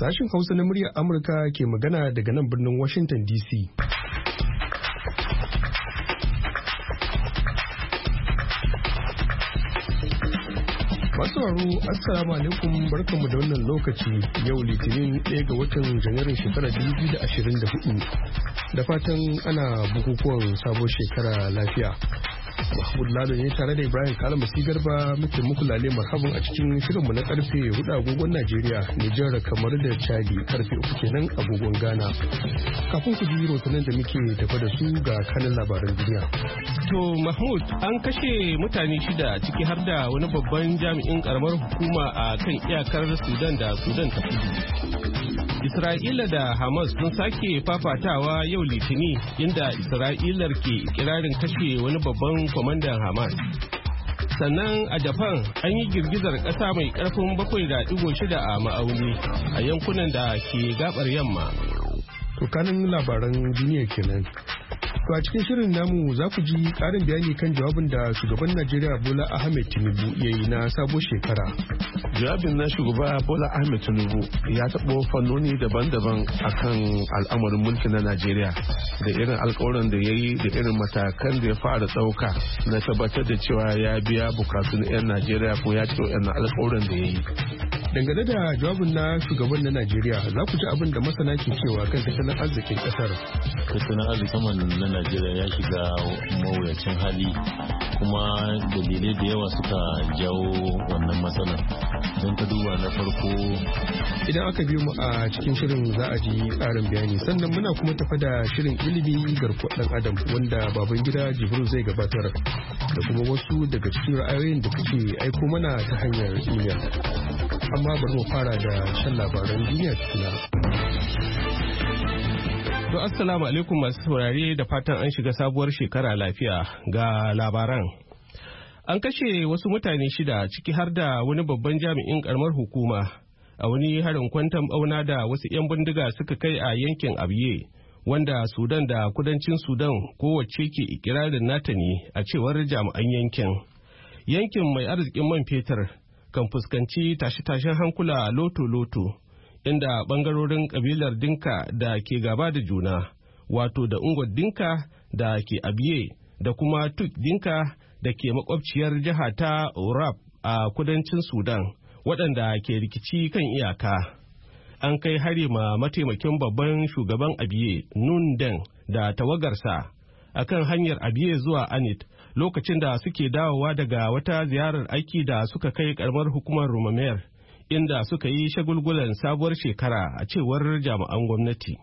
Sashen Hausa na muryar Amurka ke magana daga nan birnin Washington DC. Masu sauraro Assalamu alaikum barkanmu da wannan lokaci yau Litinin 1 ga watan Janairun shekarar 2024. Da fatan ana bukukuwan sabon shekara lafiya. Mahmud Lado ne tare da Ibrahim Kalam Basi Garba muke muku lale marhaban a cikin mu na karfe hudu agogon Najeriya, Nijar kamar da Chadi karfe uku kenan a agogon Ghana. Kafin ku ji rotunan da muke tafa da su ga kanin labaran duniya. To Mahmud an kashe mutane shida ciki har da wani babban jami'in karamar hukuma a kan iyakar Sudan da Sudan ta kudu. Isra'ila da Hamas sun sake fafatawa yau litini inda Isra'ilar ke kirarin kashe wani babban kwamandan Hamas. Sannan a Japan an yi girgizar ƙasa mai ƙarfin bakwai da ɗigo shida a ma'auni a yankunan da ke gabar yamma. To labaran duniya kenan. To a cikin shirin namu za ku ji karin bayani kan jawabin da shugaban Najeriya Bola Ahmed Tinubu ya yi na sabon shekara. Jawabin na shugaba Bola Ahmed Tinubu ya taɓo fannoni daban-daban a kan al'amarin mulki na Najeriya da irin alkawarin da ya yi da irin matakan da ya fara ɗauka na tabbatar da cewa ya biya bukatun 'yan Najeriya ko ya ciro 'yan alkawarin da ya yi. dangane da jawabin na shugaban na najeriya za ku ji abin da masana ke cewa kan tattalin arzikin kasar tattalin arzikin na najeriya ya shiga mawuyacin hali kuma dalilai da yawa suka jawo wannan matsalar don ta duba na farko idan aka biyo mu a cikin shirin za a ji karin bayani sannan muna kuma tafa da shirin ilimi garkuwar dan adam wanda baban gida jibril zai gabatar da kuma wasu daga cikin ra'ayoyin da kuke aiko mana ta hanyar imel amma bari mu fara da shan labaran duniya tukuna. To assalamu alaikum masu saurare da fatan an shiga sabuwar shekara lafiya ga labaran. An kashe wasu mutane shida ciki har da wani babban jami'in karamar hukuma a wani harin kwantan bauna da wasu 'yan bindiga suka kai a yankin Abiye. wanda Sudan da kudancin Sudan kowace ke ikirarin nata ne a cewar jami'an yankin. Yankin mai arzikin man fetur kan fuskanci tashe-tashen hankula loto-loto inda bangarorin kabilar dinka da ke gaba da juna wato da ungod dinka da ke abiye da kuma tuk dinka da ke makwabciyar jiha ta urab a kudancin sudan waɗanda ke rikici kan iyaka an kai hari ma mataimakin babban shugaban abiye nun den da tawagarsa akan hanyar abiye zuwa anit lokacin da suke dawowa daga wata ziyarar aiki da suka kai karamar hukumar rumamer inda suka yi shagulgulan sabuwar shekara a cewar jami'an gwamnati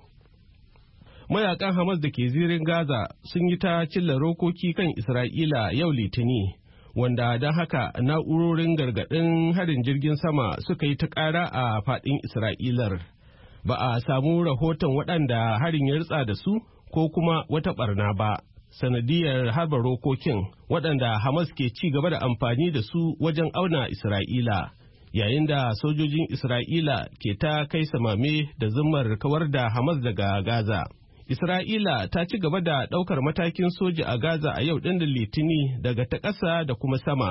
mayakan hamas da ke zirin gaza sun yi ta cilla rokoki kan isra'ila yau litini wanda don haka na'urorin gargaɗin harin jirgin sama suka yi ta ƙara a faɗin isra'ilar ba a samu rahoton waɗanda harin ya ritsa da su ko kuma wata ɓarna ba sanadiyar harba rokokin waɗanda Hamas ke ci gaba da amfani da su wajen auna Isra'ila, yayin da sojojin Isra'ila ke ta kai samame da zumar kawar da Hamas daga Gaza. Isra'ila ta ci gaba da ɗaukar matakin soja a Gaza a yau ɗin da Litini daga ta ƙasa da kuma sama,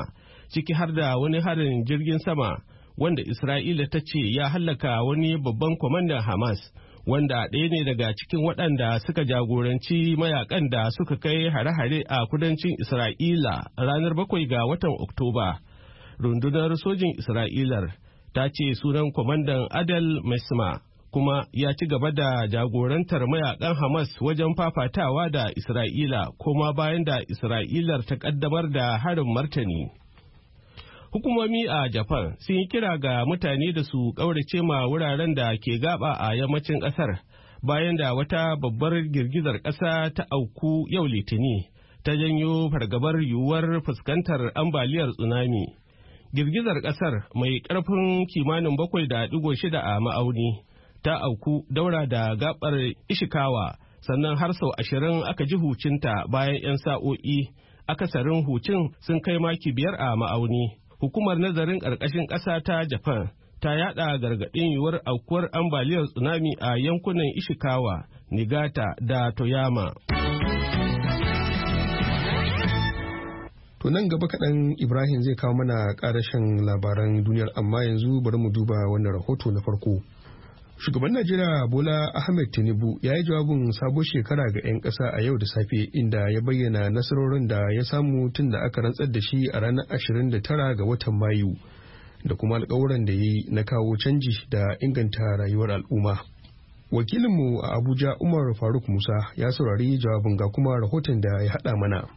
ciki har da wani harin jirgin sama wanda Isra'ila ta ce ya hallaka wani babban kwamandan Hamas. wanda ɗaya ne daga cikin waɗanda suka jagoranci mayakan da suka kai hare-hare a kudancin Isra'ila ranar bakwai ga watan Oktoba. Rundunar sojin Isra'ilar ta ce sunan kwamandan Adel Mesma kuma ya ci gaba da jagorantar mayakan Hamas wajen fafatawa da Isra'ila koma bayan da Isra'ilar ta ƙaddamar da harin martani. Hukumomi a Japan sun yi kira ga mutane da su ƙaurace ma wuraren da ke gaba a yammacin ƙasar bayan da wata babbar girgizar ƙasa ta auku yau litini ta janyo fargabar yiwuwar fuskantar ambaliyar tsunami. Girgizar ƙasar mai ƙarfin kimanin bakwai da digo shida a ma'auni ta auku daura da gabar Ishikawa sannan har sau ashirin aka ji hucinta bayan 'yan sa'o'i akasarin hucin sun kai maki biyar a ma'auni. hukumar nazarin ƙarƙashin ƙasa ta japan ta yada gargaɗin yuwar aukuwar ambaliyar tsunami a yankunan ishikawa nigata da toyama To nan gaba kaɗan Ibrahim zai kawo mana ƙarashin labaran duniyar amma yanzu bari mu duba wannan rahoto na farko. Shugaban Najeriya Bola Ahmed Tinubu ya yi jawabin sabon shekara ga 'yan kasa a yau da safe inda ya bayyana nasarorin da ya samu tun da aka rantsar da shi a ranar 29 ga watan Mayu da kuma alƙawuran da ya yi na kawo canji da inganta rayuwar al'umma. Wakilinmu a Abuja Umar Faruk Musa ya saurari jawabin ga kuma rahoton da ya haɗa mana.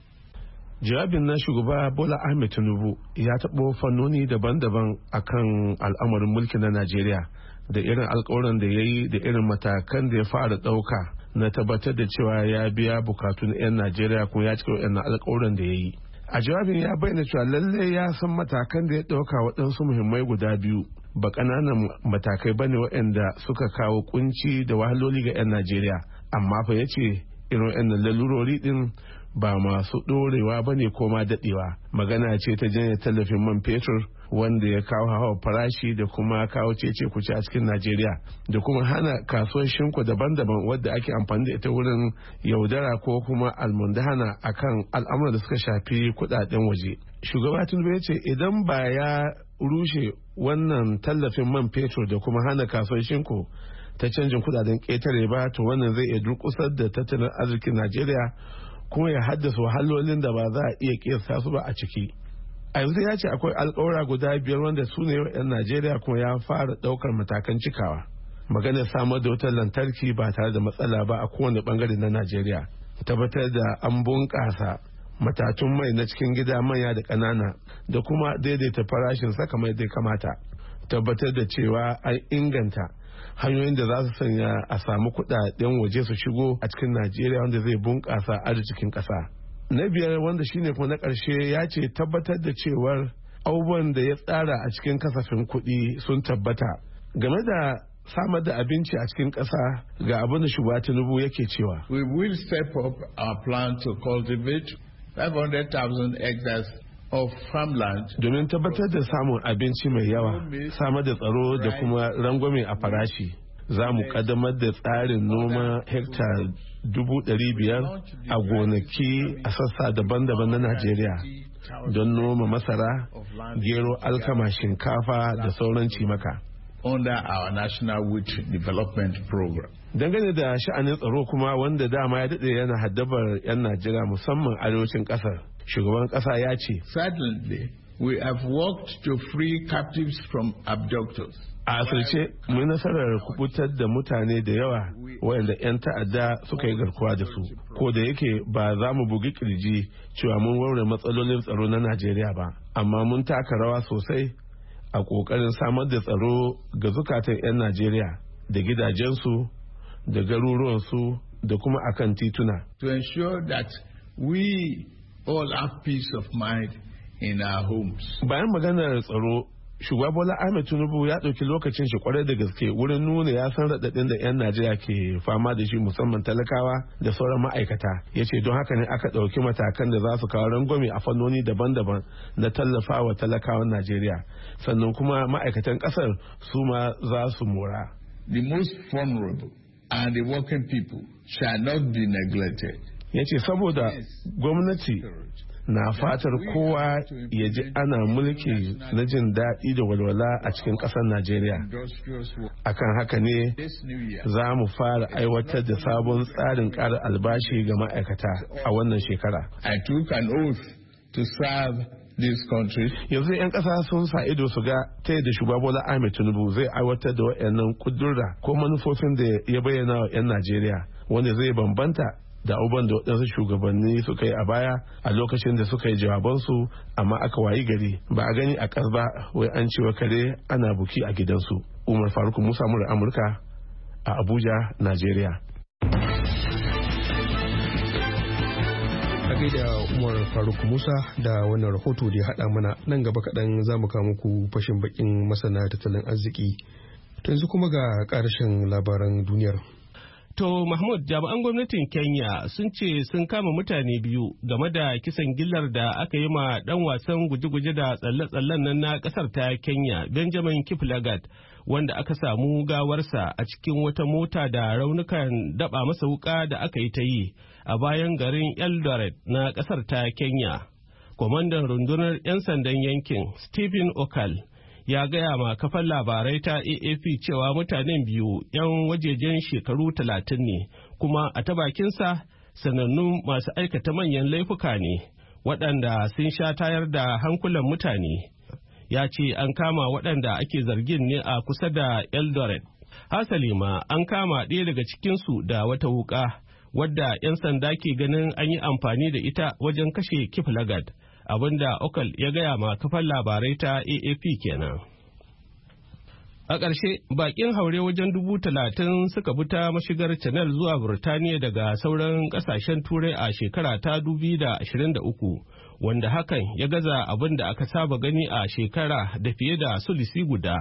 jawabin na shugaba bola ahmed tinubu ya taɓo fannoni daban-daban akan al'amarin mulki na najeriya da irin alkawarin da ya yi da irin matakan da ya fara ɗauka na tabbatar da cewa ya biya bukatun 'yan najeriya kuma ya cika wa'yan alkawarin da ya yi a jawabin ya bayyana cewa lallai ya san matakan da ya ɗauka waɗansu muhimmai guda biyu ba ƙananan matakai ba ne waɗanda suka kawo kunci da wahaloli ga 'yan najeriya amma fa ya ce irin 'yan lalurori ɗin ba masu ɗorewa ba ne ko ma daɗewa magana ce ta janye tallafin man fetur wanda ya kawo hawa farashi da kuma kawo cece kuce a cikin najeriya da kuma hana kasuwar shinku daban-daban wadda ake amfani da ita wurin yaudara ko kuma a kan al'amuran da suka shafi kudaden waje shugaba tunubu ya ce idan ba ya rushe wannan tallafin man fetur da kuma hana kasuwar shinku ta canjin kudaden ƙetare ba to wannan zai iya durƙusar da tattalin arzikin najeriya kuma ya haddasa wahalolin da ba za a iya kiyasta su ba a ciki a yanzu ya ce akwai alkawura guda biyar wanda su ne yan najeriya kuma ya fara daukar matakan cikawa maganar samar da wutar lantarki ba tare da matsala ba a kowane bangare na najeriya tabbatar da an bunkasa matatun mai na cikin gida manya da ƙanana da kuma daidaita farashin saka mai dai kamata tabbatar da cewa an inganta hanyoyin da za su sanya a samu kudaden waje su shigo a cikin najeriya wanda zai bunƙasa arzikin ƙasa na biyar wanda shine kuma na ƙarshe ya ce tabbatar da cewar abubuwan da ya tsara a cikin kasafin kuɗi sun tabbata game da samar da abinci a cikin ƙasa ga abin da shugaba tinubu yake cewa we will step up our plan to cultivate 500,000 hectares of farmland domin tabbatar da samun abinci mai yawa samar da tsaro da kuma rangwame a farashi za mu kadamar da tsarin noma hekta 500,000 a gonaki a sassa daban-daban na najeriya don noma masara gero alkama shinkafa da sauran cimaka under our national wheat development program dangane da sha'anin tsaro kuma wanda dama ya daɗe yana haddabar 'yan najeriya musamman arewacin ƙasar shugaban kasa ya ce sadly we have worked to free captives from abductors a asirce mun nasarar kubutar da mutane da yawa waɗanda 'yan ta'adda suka yi garkuwa da su ko da yake ba za mu bugi kirji cewa mun warware matsalolin tsaro na najeriya ba amma mun taka rawa sosai a ƙoƙarin samar da tsaro ga zukatan 'yan najeriya da gidajensu da garuruwansu da kuma akan tituna to ensure that we all have peace of mind in our homes. Bayan maganar tsaro shugaba bola ahmed tinubu ya ɗauki lokacin shi kwarai da gaske wurin nuna ya san raɗaɗin da 'yan najeriya ke fama da shi musamman talakawa da sauran ma'aikata ya ce don haka ne aka ɗauki matakan da za su kawo rangwame a fannoni daban-daban na tallafawa talakawan najeriya sannan kuma ma'aikatan ƙasar su ma za su mora the most vulnerable and the working people shall not be neglected ya ce saboda gwamnati na fatar kowa ya ji ana mulki na jin daɗi da walwala a cikin ƙasar najeriya akan haka ne za mu fara aiwatar da sabon tsarin ƙarar albashi ga ma'aikata a wannan shekara to Yanzu 'yan ƙasa sun sa ido su ga ta da shugaba Bola Ahmed Tinubu zai aiwatar da waɗannan ƙudurra ko manufofin da ya bayyana wa 'yan Najeriya wanda zai bambanta da uban da waɗansu shugabanni suka yi a baya a lokacin da suka yi jawabansu amma aka wayi gari ba a gani a ƙas wai an cewa kare ana buki a gidansu umar faruk musa mura amurka a abuja najeriya da umar faruk musa da wannan rahoto da ya haɗa mana nan gaba kaɗan za mu kawo muku fashin bakin masana tattalin arziki yanzu kuma ga ƙarshen labaran duniyar To Mahmud jami'an gwamnatin Kenya sun ce sun kama mutane biyu game da kisan gillar da aka yi ma dan wasan guje-guje da tsalle-tsallen nan na kasar ta Kenya Benjamin Kiplagat wanda aka samu gawarsa a cikin wata mota da raunukan daba masa wuka da aka yi ta yi a bayan garin Eldoret na kasar ta Kenya. Kwamandan rundunar 'yan sandan yankin Stephen Okal ya gaya ma kafan labarai ta AAP cewa mutanen biyu 'yan wajejen shekaru talatin ne kuma a ta bakinsa sanannun masu aikata manyan laifuka ne waɗanda sun sha tayar da hankulan mutane ya ce an kama waɗanda ake zargin ne a kusa da eldoret hasali ma an kama ɗaya daga cikinsu da wata wuƙa wadda 'yan sanda ke ganin an yi amfani da ita wajen kashe kiflagad abinda okal ya gaya ma kafar labarai ta aap kenan a ƙarshe bakin haure wajen dubu talatin suka bi ta mashigar channel zuwa burtaniya daga sauran ƙasashen turai a shekara ta dubi da ashirin da uku wanda hakan ya gaza abin da aka saba gani a shekara da fiye da sulisi guda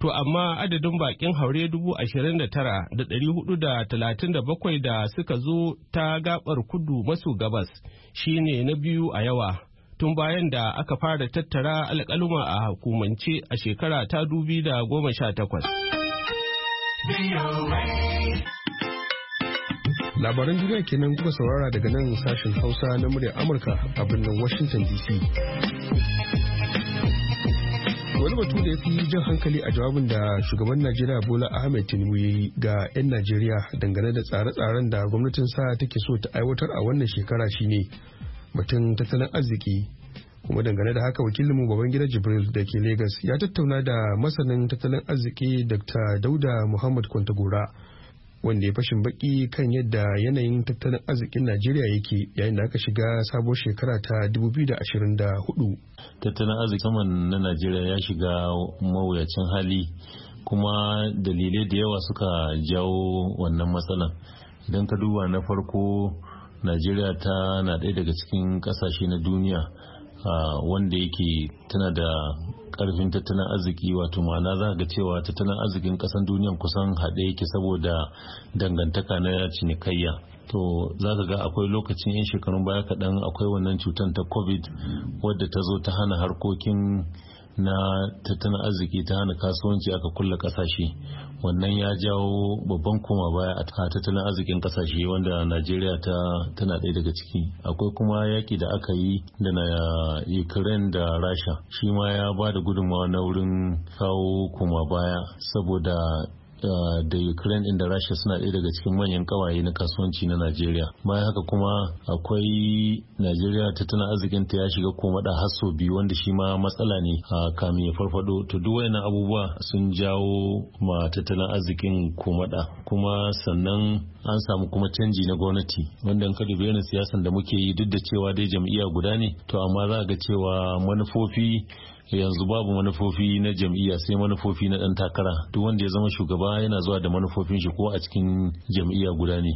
to amma adadin bakin haure dubu ashirin da tara da ɗari hudu da talatin da bakwai da suka zo ta gabar kudu maso gabas shine na biyu a yawa tun bayan da aka fara tattara alƙaluma a hukumance a shekara ta dubi da goma sha takwas. Labaran duniya kenan kuka saurara daga nan sashen Hausa na muryar Amurka a birnin Washington DC. Wani batu da ya fi jan hankali a jawabin da shugaban Najeriya Bola Ahmed Tinubu ya yi ga 'yan Najeriya dangane da tsare-tsaren da gwamnatin sa take so ta aiwatar a wannan shekara shine batun tattalin arziki kuma dangane da haka wakilinmu babangida jibril da ke Legas ya tattauna da masanin tattalin arziki dr dauda muhammad kwantagora wanda ya fashin baki kan yadda yanayin tattalin arzikin najeriya yake yayin da aka shiga sabuwar shekara ta 2024 tattalin arzikin saman na najeriya ya shiga mawuyacin hali kuma dalilai da yawa suka jawo wannan matsalan don ka duba na farko najeriya ta na ɗaya daga cikin ƙasashe na duniya wanda yake tana da ƙarfin tattalin arziki wato ma'ana za ga cewa tattalin arzikin kasan duniya kusan haɗe yake saboda dangantaka na cinikayya to za ka ga akwai lokacin 'yan shekarun baya kaɗan akwai wannan cutar ta covid wadda ta zo ta hana harkokin na tattalin arziki ta hana kasuwanci aka kulle kasashe wannan ya jawo babban koma baya a tattalin arzikin kasashe wanda najeriya ta tana ɗaya daga ciki akwai kuma yaki da aka yi da na ukraine da rasha shi ma ya ba da gudunmawa na wurin kawo koma baya saboda da Ukraine inda Rasha suna ɗaya daga cikin manyan kawaye na kasuwanci na nigeria Bayan haka kuma akwai Najeriya tattalin arzikinta ya shiga koma da hasso biyu wanda shi ma matsala ne a kamin ya farfado. To duk wayannan abubuwa sun jawo ma tattalin arzikin koma da kuma sannan an samu kuma canji na gwamnati wanda ka dubi yanayin siyasan da muke yi duk da cewa dai jam'iyya guda ne to amma za a ga cewa manufofi yanzu babu manufofi na jam'iyya sai manufofi na dan takara duk wanda ya zama shugaba yana zuwa da manufofin shi ko a cikin jam'iyya guda ne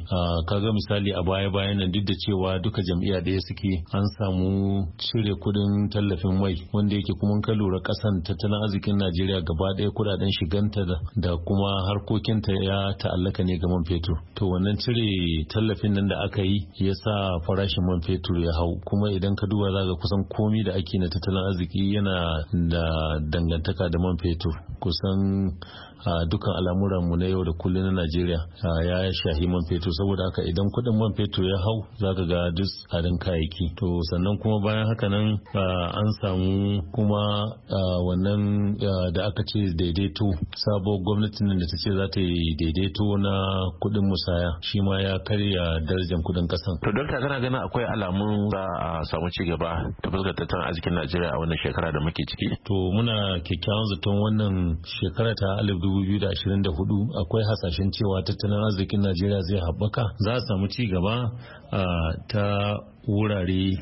kaga misali a baya bayan nan duk da cewa duka jam'iyya da suke an samu cire kudin tallafin mai wanda yake kuma ka lura kasan tattalin arzikin Najeriya gaba ɗaya kudaden shiganta da kuma harkokinta ya ta'allaka ne ga man fetur to wannan cire tallafin nan da aka yi ya sa farashin man fetur ya hau kuma idan ka duba za kusan komi da ake na tattalin arziki yana da dangantaka da man fetur kusan a dukkan al'amuran mu na yau da kullum na Najeriya ya shahi man fetur saboda haka idan kuɗin man fetur ya hau zaka ga duk tsarin kayayyaki to sannan kuma bayan haka nan an samu kuma wannan da aka ce daidaito sabo gwamnatin da ta ce za ta yi daidaito na kuɗin musaya shi ma ya karya darajar kuɗin ƙasan. To don kana gana akwai alamun za a samu ci gaba ta fuskar tattalin arzikin Najeriya a wannan shekara da muke ciki. To muna kyakkyawan zaton wannan shekara ta alif 2024 akwai hasashen cewa tattalin arzikin Najeriya zai haɓaka za a samu ci gaba ah, ta wurare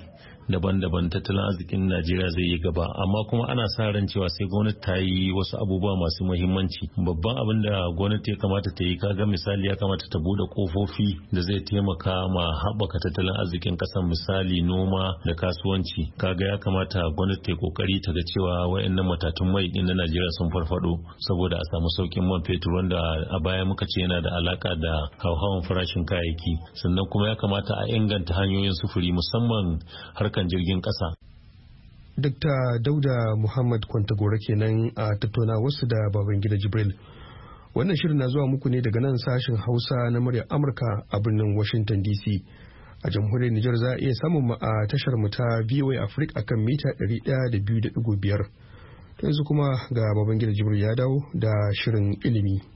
daban-daban tattalin arzikin Najeriya zai yi gaba amma kuma ana sa ran cewa sai gwamnati ta yi wasu abubuwa masu muhimmanci babban abin da gwamnati ya kamata ta yi kaga misali ya kamata ta bude kofofi da zai taimaka ma haɓaka tattalin arzikin ƙasar misali noma da kasuwanci kaga ya kamata gwamnati ta yi kokari ta ga cewa wayannan matatun mai din na Najeriya sun farfado saboda a samu saukin man fetur wanda a baya muka ce yana da alaka da hauhawan farashin kayayyaki sannan kuma ya kamata a inganta hanyoyin sufuri musamman har akan jirgin ƙasa. Dr. Dauda Muhammad Kwantagora kenan a tattauna wasu da Babangida Jibril. Wannan shirin na zuwa muku ne daga nan sashen Hausa na murya Amurka a birnin Washington DC. A jamhuriyar Nijar za a iya samun mu a tashar mu ta VOA Africa akan mita 102.5. Yanzu kuma ga Babangida Jibril ya dawo da shirin ilimi.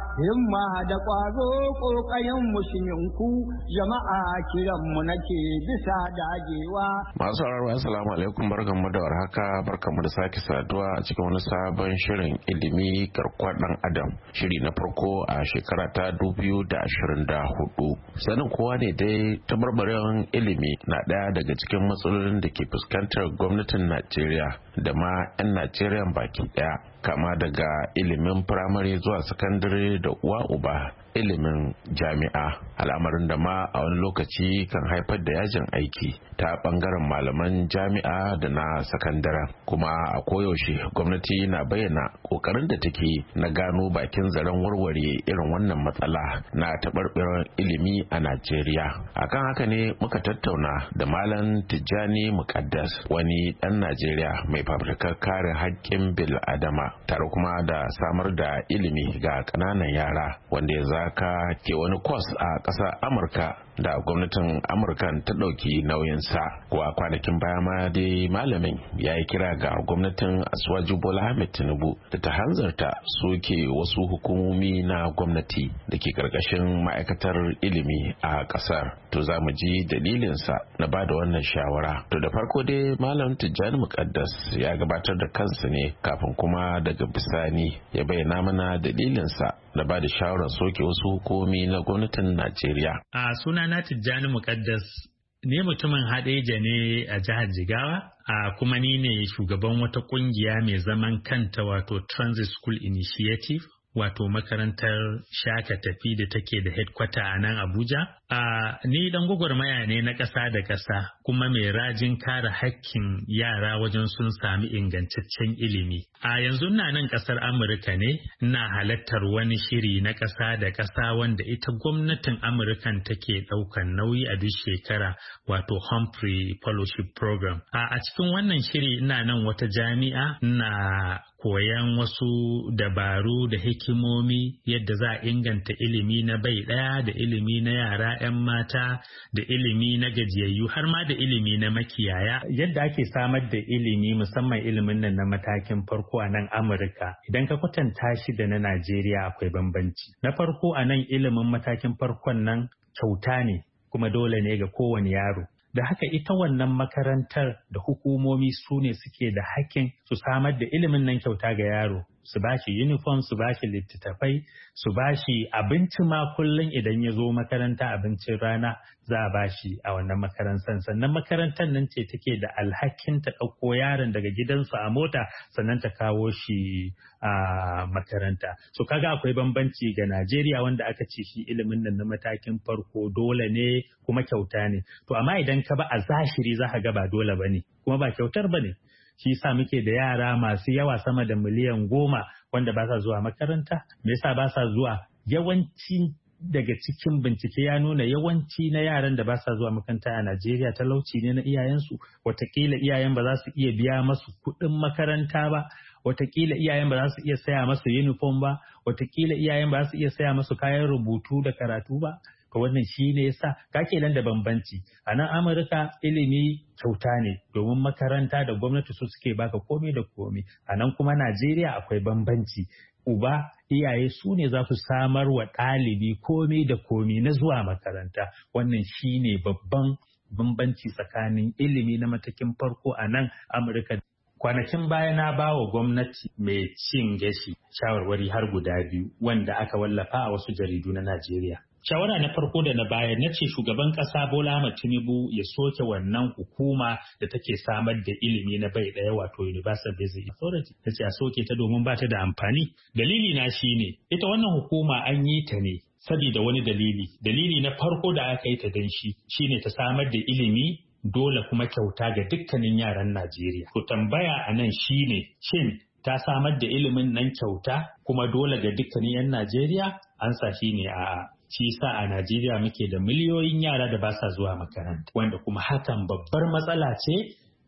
himma da ƙwazo ƙoƙayen musulminku jama'a kiran mu nake bisa dagewa. Masu ya salamu alaikum mu da warhaka mu da sake saduwa a cikin wani sabon shirin ilimi karkwaɗan adam shiri na farko a shekara ta dubu da ashirin da hudu. Sanin kowa ne dai tabarbarin ilimi na ɗaya daga cikin matsalolin da ke fuskantar gwamnatin Najeriya da ma 'yan Najeriya baki ɗaya. kama daga ilimin firamare zuwa sakandare da uwa uba ilimin jami'a al'amarin da ma a wani lokaci kan haifar da yajin aiki ta bangaren malaman jami'a da na sakandaren kuma a koyaushe gwamnati na bayyana kokarin da take na gano bakin zaren warware irin wannan matsala na taɓarɓirar ilimi a najeriya akan haka ne muka tattauna da malam tijjani mukaddas wani ɗan najeriya mai fabrikar kare haƙƙin bil adama tare kuma da samar da ilimi ga ƙananan yara wanda ya aka ke wani kwas a ƙasar amurka da gwamnatin amurka ta ɗauki nauyinsa sa kwanakin baya ma dai malamin ya yi kira ga gwamnatin Asuwaji bola hamid tinubu da ta hanzarta soke wasu hukumomi na gwamnati da ke ƙarƙashin ma'aikatar ilimi a ƙasar to za mu ji dalilinsa na ba da wannan shawara to da farko dai malam tijjani muƙaddas ya gabatar da kansa ne kafin kuma daga bisani ya bayyana mana dalilinsa na ba da shawarar soke wasu hukumomi na gwamnatin najeriya a suna sunana Tijjani Muƙaddas ne mutumin Hadeja ne a jihar Jigawa a kuma ni ne shugaban wata ƙungiya mai zaman kanta wato Transit School Initiative wato makarantar shaka tafi da take da headquarter a nan Abuja A ni dan gwagwarmaya ne na ƙasa da ƙasa kuma mai rajin kare hakkin yara wajen sun sami ingantaccen ilimi. A yanzu na nan ƙasar Amurka ne na halattar wani shiri na ƙasa da ƙasa wanda ita gwamnatin Amurkan take ɗaukan nauyi a duk shekara wato Humphrey Fellowship Program. A cikin wannan shiri ina nan wata jami'a na koyan wasu dabaru da hikimomi yadda za a inganta ilimi na bai ɗaya da ilimi na yara 'yan mata da ilimi na gajiyayyu har ma da ilimi na makiyaya yadda ake samar da ilimi musamman ilimin nan na matakin farko a nan Amurka idan ka kwatanta shi da na Najeriya akwai bambanci. Na farko a nan ilimin matakin farkon nan kyauta ne kuma dole ne ga kowane yaro. da haka ita wannan makarantar da hukumomi su ne suke da hakkin su samar da ilimin nan kyauta ga yaro su ba shi uniform su bashi littattafai su bashi abinci ma kullum idan ya zo makaranta abincin rana za a bashi a wannan makarantar sannan makarantar nan ce take da alhakin ta ɗauko yaron daga gidansa a mota sannan ta kawo shi a makaranta so kaga akwai bambanci ga Najeriya wanda aka ce shi ilimin nan na matakin farko dole ne kuma kyauta ne to amma idan ka ba a zahiri za ka ga ba dole bane kuma ba kyautar bane shi sa muke da yara masu yawa sama da miliyan goma wanda ba sa zuwa makaranta me yasa ba sa zuwa yawanci daga cikin bincike ya nuna yawanci na yaran da ba sa zuwa makaranta a Najeriya talauci ne na iyayensu watakila iyayen ba za su iya biya masu kuɗin makaranta ba wataƙila iyayen ba za su iya saya masu uniform ba wataƙila iyayen ba za su iya saya masu kayan rubutu da karatu ba ka wannan shi ne ya sa ka nan da bambanci a nan amurka ilimi kyauta ne domin makaranta da gwamnati su suke baka komai da komai a nan kuma najeriya akwai bambanci uba iyaye su ne za su samar wa ɗalibi komai da komai na zuwa makaranta wannan shi ne babban bambanci tsakanin ilimi na matakin farko a nan amurka kwanakin baya na ba wa gwamnati mai cin gashi shawarwari har guda biyu wanda aka wallafa a wasu jaridu na najeriya Shawara na farko da na baya na ce shugaban ƙasa Bola Ahmed Tinubu ya soke wannan hukuma da take samar da ilimi na bai ɗaya wato Universal Basic Authority. ta ce a soke ta domin ba ta da amfani. Dalili na shi ne, ita wannan hukuma an yi ta ne sabida wani dalili. Dalili na farko da aka yi ta don shi shi ne ta samar da ilimi dole kuma kyauta ga dukkanin yaran Najeriya. Ku tambaya a nan shi ne shin ta samar da ilimin nan kyauta kuma dole ga dukkanin 'yan Najeriya? An sa shi ne a'a. shi yasa a Najeriya muke da miliyoyin yara da ba sa zuwa makaranta wanda kuma hakan babbar matsala ce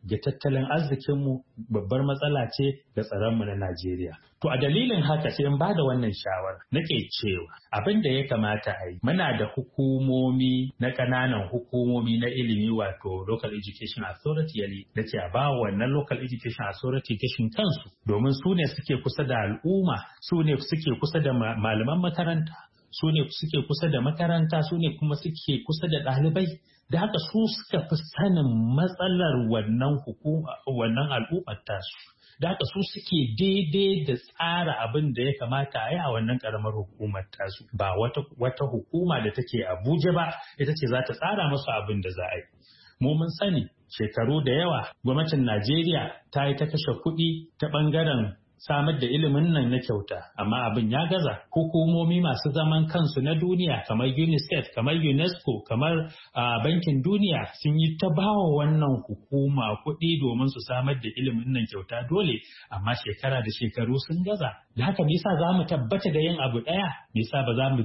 ga tattalin arzikinmu babbar matsala ce ga tsaronmu na Najeriya. To a dalilin haka sai in bada wannan shawara nake cewa abin da ya kamata a yi muna da hukumomi na ƙananan hukumomi na ilimi wato local education authority yali da ce a ba wannan local education authority gashin kansu domin su ne suke kusa da al'umma su ne suke kusa da malaman makaranta su ne suke kusa da makaranta su ne kuma suke kusa da ɗalibai da haka su suka fi sanin matsalar wannan hukuma wannan al'ummar tasu da haka su suke daidai da tsara abin da ya kamata a yi a wannan karamar hukumar tasu ba wata, hukuma da take abuja ba ita ce za ta tsara masu abin da za a yi mu mun sani shekaru da yawa gwamnatin najeriya ta yi ta kashe kuɗi ta ɓangaren samar da ilimin nan na kyauta amma abin ya gaza hukumomi masu zaman kansu na duniya kamar unicef kamar unesco kamar bankin duniya sun yi ta bawa wannan hukuma kuɗi domin su samar da ilimin nan kyauta dole amma shekara da shekaru sun gaza da haka yasa za mu tabbata da yin abu ɗaya bisa ba za mu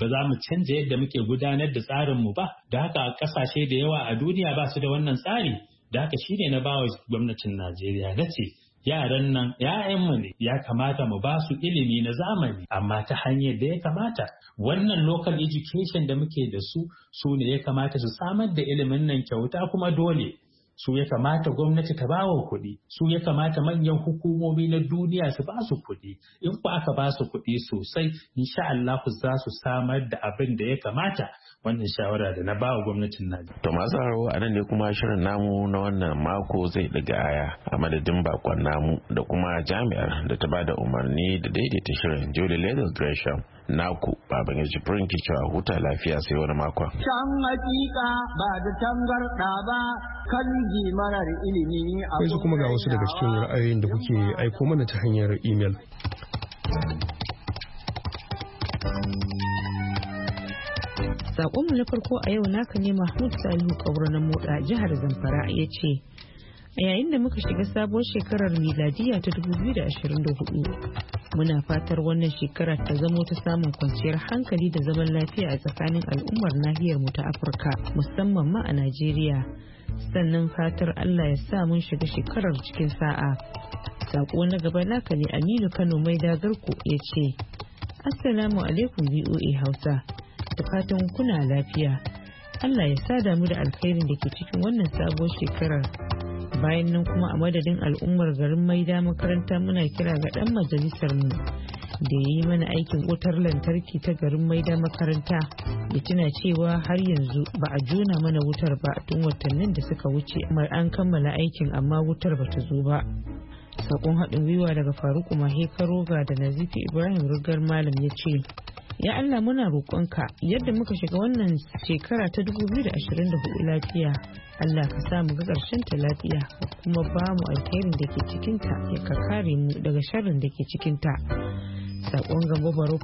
ba za mu canja yadda muke gudanar da tsarin mu ba da haka ƙasashe da yawa a duniya ba su da wannan tsari da haka shine na bawa gwamnatin najeriya na ce yaran nan ‘ya'yanmu ne ya kamata mu ba su ilimi na zamani amma ta hanyar da ya kamata wannan local education da muke da su su ne ya kamata su samar da ilimin nan kyauta kuma dole su ya kamata gwamnati ta bawa kuɗi su ya kamata manyan hukumomi na duniya su ba su kuɗi in ku aka ba su kuɗi sosai insha Allah za su samar da abin da ya kamata wannan shawara da na ba wa gwamnatin Najeriya. To masu haro a nan ne kuma shirin namu na wannan mako zai daga aya a madadin bakon namu da kuma jami'ar da ta ba da umarni da daidaita shirin Jolie Lagos Gresham. naku baban ya ji cewa huta lafiya sai wani makon. Can hakika ba da tangarɗa ba kan marar ilimi a yanzu kuma ga wasu daga cikin ra'ayoyin da kuke aiko mana ta hanyar imel. mu na farko a yau naka ne Mahmud Salihu Kaura na jihar Zamfara ya ce a yayin da muka shiga sabon shekarar miladiya ta 2024 muna fatar wannan shekarar ta zamo ta samun kwanciyar hankali da zaman lafiya a tsakanin al'ummar nahiyar mu ta afirka musamman ma a najeriya sannan fatar allah ya sa mun shiga shekarar cikin sa'a Saƙo na gaba naka ne aminu kano mai dagarku ya ce assalamu alaikum voa hausa da fatan kuna lafiya allah ya sa damu da alkhairin da ke cikin wannan sabuwar shekarar bayan nan kuma a madadin al'ummar garin maida makaranta muna kira ga dan majalisar mu da yi mana aikin wutar lantarki ta garin maida makaranta da tuna cewa har yanzu ba a juna mana wutar ba tun watannin da suka wuce mar an kammala aikin amma wutar ba ta zo ba sakon haɗin gwiwa daga faruku mahekaroga ga da nazifi ibrahim rugar malam ya ce ya Allah muna roƙonka yadda muka shiga wannan shekara ta 2024 lafiya Allah ka sa mu ga ƙarshen ta lafiya kuma ba mu alherin da ke cikinta ya ka kare mu daga sharrin da ke ta sakon gaba baro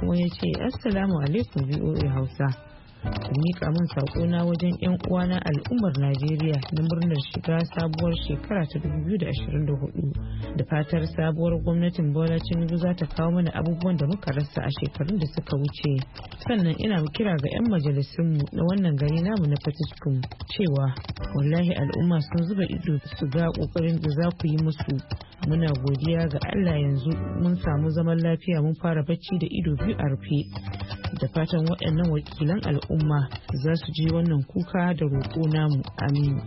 kuma ya ce assalamu alaikum voa hausa yi miƙa min na wajen 'yan uwana al'ummar Najeriya na murnar shiga sabuwar shekara ta 2024 da fatar sabuwar gwamnatin Bola Tinubu za ta kawo mana abubuwan da muka rasa a shekarun da suka wuce. Sannan ina kira ga 'yan majalisunmu na wannan gari namu na Fatiskum cewa wallahi al'umma sun zuba ido su ga ƙoƙarin da za ku yi musu. Muna godiya ga Allah yanzu mun samu zaman lafiya mun fara bacci da ido biyu a rufe. Da fatan waɗannan wakilan al'umma al'umma za su ji wannan kuka da roƙo namu amin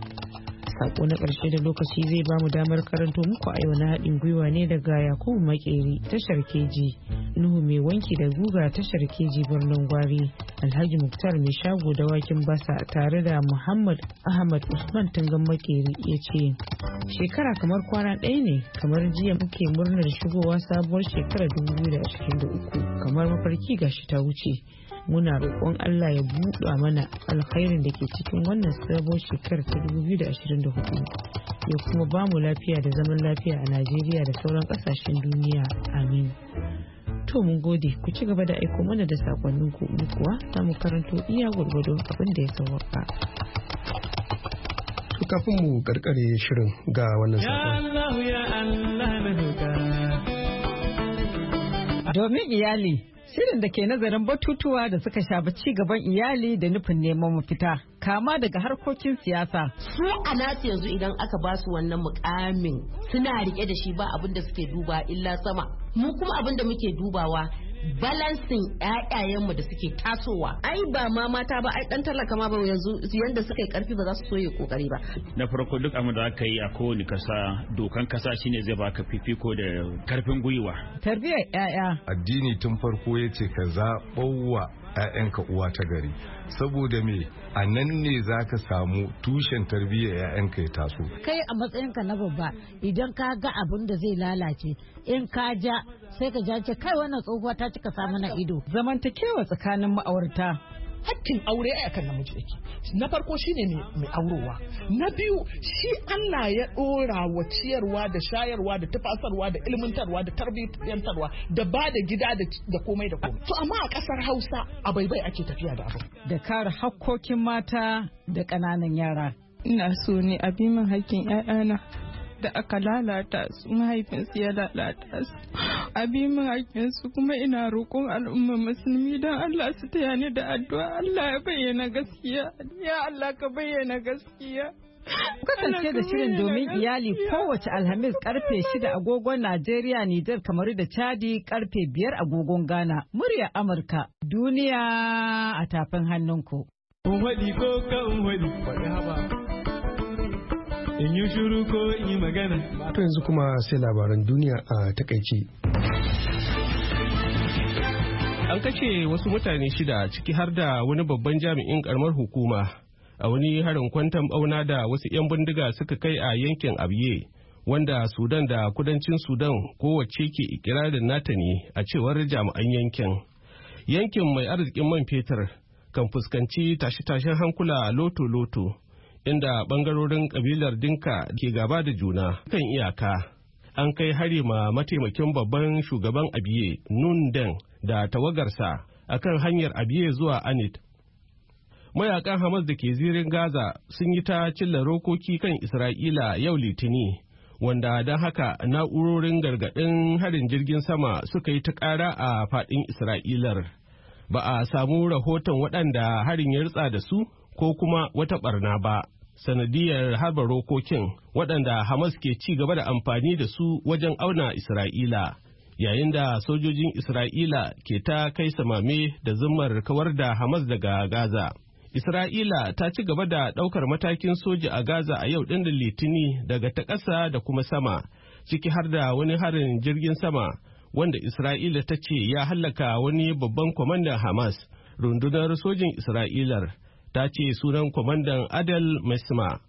sako na ƙarshe da lokaci zai ba mu damar karanto muku a yau na haɗin gwiwa ne daga yakubu makeri tashar keji nuhu mai wanki da guga tashar keji birnin gwari alhaji muktar mai shago da wakin basa tare da muhammad ahmad usman tangan makeri ya ce shekara kamar kwana ɗaya ne kamar jiya muke murnar shigowa sabuwar shekara 2023 kamar mafarki gashi ta wuce muna roƙon Allah ya buɗa mana alkhairin da ke cikin wannan sabon shekarar ta 2024 ya kuma ba mu lafiya da zaman lafiya a Najeriya da sauran ƙasashen duniya amin. To mun gode ku ci gaba da aiko mana da sakonnin ku kuwa ta mu karanto iya gwargwado abin da ya sauwaka. To kafin mu karkare shirin ga wannan sakon. Domin iyali Shirin da ke nazarin batutuwa da suka shafi ci gaban iyali da nufin neman mafita, kama daga harkokin siyasa. Su a nasu yanzu idan aka ba su wannan mukamin suna rike da shi ba abin da suke duba illa sama. Mu kuma abin da muke dubawa balansin ƴaƴayenmu da suke tasowa ai ba ma mata ba ai dan talaka ma ba yanzu yanda suka yi karfi ba za su soye kokari ba na farko duk abin da aka yi a kowane kasa dokan kasa shine zai baka fifiko da karfin gwiwa tarbiyyar ƴaƴa addini tun farko yace ka zaɓowa 'ya'yanka uwa ta gari saboda me a nan ne za ka samu tushen tarbiyyar 'ya'yanka ya taso kai a matsayinka na babba idan ka ga abin da zai lalace in ka ja sai ka ja ce kai wannan tsohuwa ta cika samu na ido zamantakewa tsakanin ma'aurata hakkin aure ai akan namiji yake na farko shine mai aurowa na biyu shi Allah ya dora wa ciyarwa da shayarwa da tafasarwa da ilmantarwa da tarbiyyantarwa da ba da gida da komai da komai to amma a kasar Hausa a baibai ake tafiya da abu da kare hakkokin mata da ƙananan yara ina so ne a bi min hakkin 'ya'yana da aka lalata su mahaifinsu ya lalata su abin mahaifinsu kuma ina roƙon al'umma musulmi don Allah su taya ni da addu'a Allah ya bayyana gaskiya ya Allah ka bayyana gaskiya Kasance da shirin domin iyali kowace Alhamis karfe shida agogon Najeriya, Nijar, kamar da Chadi karfe biyar agogon Ghana. Murya Amurka, duniya a tafin hannunku. Umadi ko in yi shuru ko in yi magana. To yanzu kuma sai labaran duniya a takaice. An kace wasu mutane shida ciki har da wani babban jami'in karamar hukuma a wani harin kwantan bauna da wasu 'yan bindiga suka kai a yankin Abiye wanda Sudan da kudancin Sudan kowace ke ikirarin nata ne a cewar jami'an yankin. Yankin mai arzikin man fetur kan fuskanci tashe-tashen hankula loto-loto. inda bangarorin kabilar dinka ke gaba da juna kan iyaka an kai hari ma mataimakin babban shugaban abiye nun den da tawagarsa a kan hanyar abiye zuwa anit mayakan hamas da ke zirin gaza sun yi ta cilla rokoki kan isra'ila yau litini wanda don haka na'urorin gargaɗin harin jirgin sama suka yi ta ƙara a faɗin isra'ilar ba a samu rahoton waɗanda harin ya ritsa da su ko kuma wata barna ba sanadiyar harba rokokin waɗanda Hamas ke ci gaba da amfani da su wajen auna Isra'ila yayin da sojojin Isra'ila ke ta kai samame da zumar kawar da Hamas daga Gaza. Isra'ila ta ci gaba da ɗaukar matakin soja a Gaza a yau ɗin da Litini daga ta ƙasa da kuma sama, ciki har da wani harin jirgin sama wanda Isra'ila ta ce ya hallaka wani babban kwamandan Hamas, rundunar sojin Isra'ilar ta ce sunan kwamandan adal Mesma.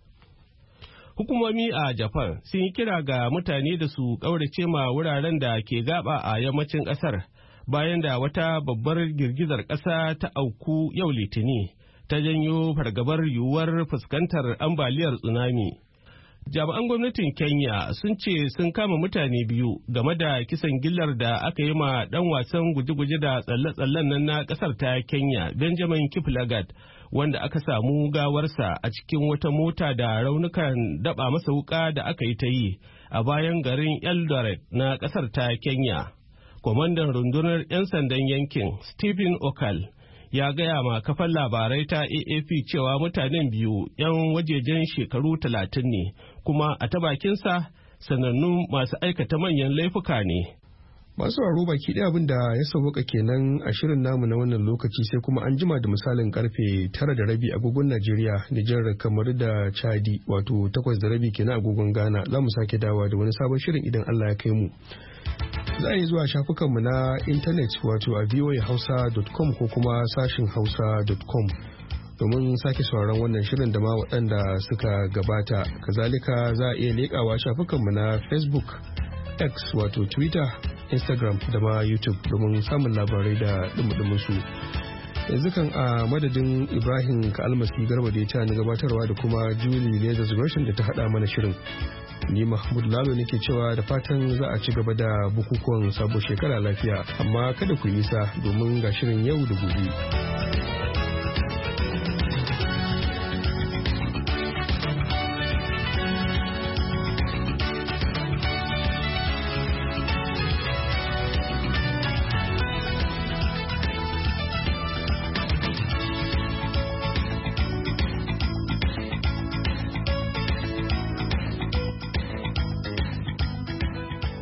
hukumomi a japan sun yi kira ga mutane da su ƙaurace ma wuraren da ke gaba a yammacin ƙasar bayan da wata babbar girgizar ƙasa ta auku yau litini ta janyo fargabar yiwuwar fuskantar ambaliyar tsunami jami'an gwamnatin kenya sun ce sun kama mutane biyu game da kisan gillar da aka yi ma dan wasan guje-guje da tsalle-tsallen nan na ƙasar ta kenya benjamin kiplagat wanda aka samu gawarsa a cikin wata mota da raunukan daba masa wuka da aka yi ta yi a bayan garin eldoret na kasar ta kenya kwamandan rundunar 'yan sandan yankin stephen okal ya gaya ma kafan labarai ta aap cewa mutanen biyu 'yan wajejen shekaru talatin ne kuma a ta bakinsa sanannu masu aikata manyan laifuka ne masu sauraro baki ɗaya abin da ya sauwaka kenan a shirin namu na wannan lokaci sai kuma an jima da misalin karfe tara da rabi agogon najeriya nijar kamar da chadi wato takwas da rabi kenan agogon ghana za mu sake dawa da wani sabon shirin idan allah ya kai mu za a yi zuwa shafukanmu na intanet wato a voahausa.com ko kuma sashin hausa.com domin sake sauraron wannan shirin da ma waɗanda suka gabata kazalika za a iya leƙawa shafukanmu na facebook x wato twitter instagram da ma youtube domin samun labarai da dumudumin su yanzu kan a madadin ibrahim Almasi garba da ya ta ni gabatarwa da kuma julie lezas gresham da ta hada mana shirin ni mahmud lalo nake cewa da fatan za a ci gaba da bukukuwan sabon shekara lafiya amma kada ku yi sa domin ga shirin yau da gobe.